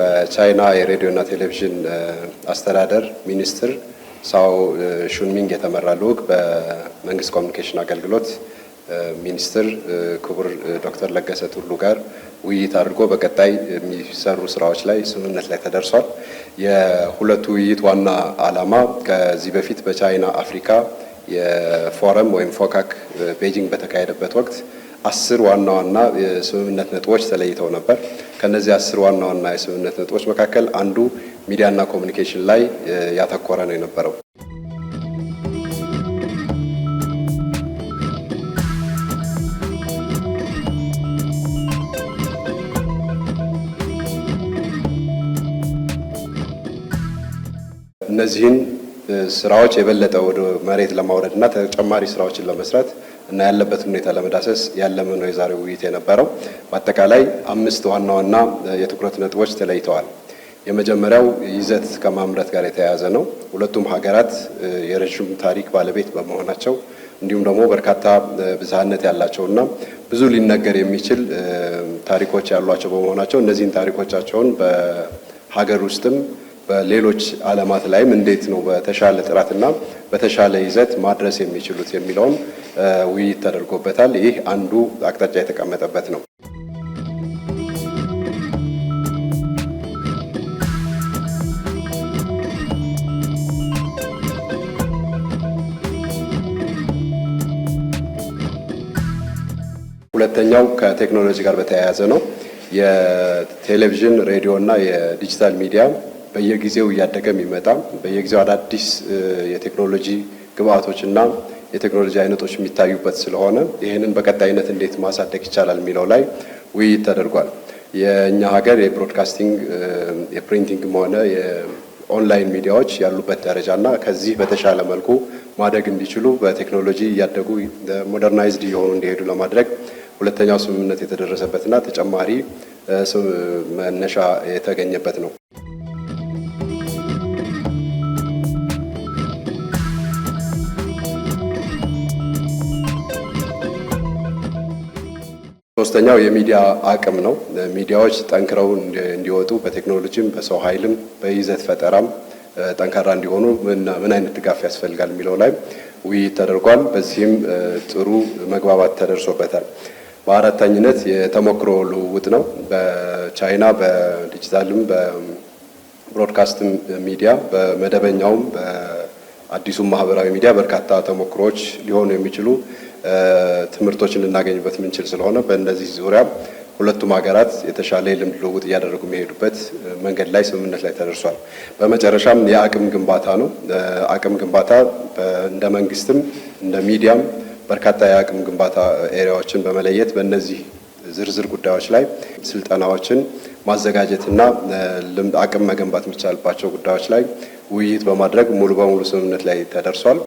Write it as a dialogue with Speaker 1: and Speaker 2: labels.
Speaker 1: በቻይና የሬዲዮና ቴሌቪዥን አስተዳደር ሚኒስትር ሳው ሹንሚንግ የተመራ ልዑክ በመንግስት ኮሚኒኬሽን አገልግሎት ሚኒስትር ክቡር ዶክተር ለገሰ ቱሉ ጋር ውይይት አድርጎ በቀጣይ የሚሰሩ ስራዎች ላይ ስምምነት ላይ ተደርሷል። የሁለቱ ውይይት ዋና ዓላማ ከዚህ በፊት በቻይና አፍሪካ የፎረም ወይም ፎካክ ቤጂንግ በተካሄደበት ወቅት አስር ዋና ዋና የስምምነት ነጥቦች ተለይተው ነበር። ከነዚህ አስር ዋና ዋና የስምምነት ነጥቦች መካከል አንዱ ሚዲያና ኮሚኒኬሽን ላይ ያተኮረ ነው የነበረው። እነዚህን ስራዎች የበለጠ ወደ መሬት ለማውረድ እና ተጨማሪ ስራዎችን ለመስራት እና ያለበትን ሁኔታ ለመዳሰስ ያለመ ነው የዛሬው ውይይት የነበረው። በአጠቃላይ አምስት ዋና ዋና የትኩረት ነጥቦች ተለይተዋል። የመጀመሪያው ይዘት ከማምረት ጋር የተያያዘ ነው። ሁለቱም ሀገራት የረዥም ታሪክ ባለቤት በመሆናቸው እንዲሁም ደግሞ በርካታ ብዝሃነት እና ብዙ ሊነገር የሚችል ታሪኮች ያሏቸው በመሆናቸው እነዚህን ታሪኮቻቸውን በሀገር ውስጥም በሌሎች ዓለማት ላይም እንዴት ነው በተሻለ ጥራትና በተሻለ ይዘት ማድረስ የሚችሉት የሚለውም ውይይት ተደርጎበታል። ይህ አንዱ አቅጣጫ የተቀመጠበት ነው። ሁለተኛው ከቴክኖሎጂ ጋር በተያያዘ ነው። የቴሌቪዥን ሬዲዮ እና የዲጂታል ሚዲያ በየጊዜው እያደገ የሚመጣ በየጊዜው አዳዲስ የቴክኖሎጂ ግብአቶች እና የቴክኖሎጂ አይነቶች የሚታዩበት ስለሆነ ይህንን በቀጣይነት እንዴት ማሳደግ ይቻላል የሚለው ላይ ውይይት ተደርጓል። የእኛ ሀገር የብሮድካስቲንግ የፕሪንቲንግም ሆነ የኦንላይን ሚዲያዎች ያሉበት ደረጃ እና ከዚህ በተሻለ መልኩ ማደግ እንዲችሉ በቴክኖሎጂ እያደጉ ሞደርናይዝድ እየሆኑ እንዲሄዱ ለማድረግ ሁለተኛው ስምምነት የተደረሰበትና ተጨማሪ መነሻ የተገኘበት ነው። ሶስተኛው የሚዲያ አቅም ነው። ሚዲያዎች ጠንክረው እንዲወጡ በቴክኖሎጂም በሰው ኃይልም በይዘት ፈጠራም ጠንካራ እንዲሆኑ ምን አይነት ድጋፍ ያስፈልጋል የሚለው ላይ ውይይት ተደርጓል። በዚህም ጥሩ መግባባት ተደርሶበታል። በአራተኝነት የተሞክሮ ልውውጥ ነው። በቻይና በዲጂታልም በብሮድካስትም ሚዲያ በመደበኛውም በአዲሱም ማህበራዊ ሚዲያ በርካታ ተሞክሮዎች ሊሆኑ የሚችሉ ትምህርቶችን ልናገኝበት የምንችል ስለሆነ በእነዚህ ዙሪያ ሁለቱም ሀገራት የተሻለ የልምድ ልውውጥ እያደረጉ የሚሄዱበት መንገድ ላይ ስምምነት ላይ ተደርሷል። በመጨረሻም የአቅም ግንባታ ነው። አቅም ግንባታ እንደ መንግስትም እንደ ሚዲያም በርካታ የአቅም ግንባታ ኤሪያዎችን በመለየት በእነዚህ ዝርዝር ጉዳዮች ላይ ስልጠናዎችን ማዘጋጀትና ልምድ አቅም መገንባት የሚቻልባቸው ጉዳዮች ላይ ውይይት በማድረግ ሙሉ በሙሉ ስምምነት ላይ ተደርሷል።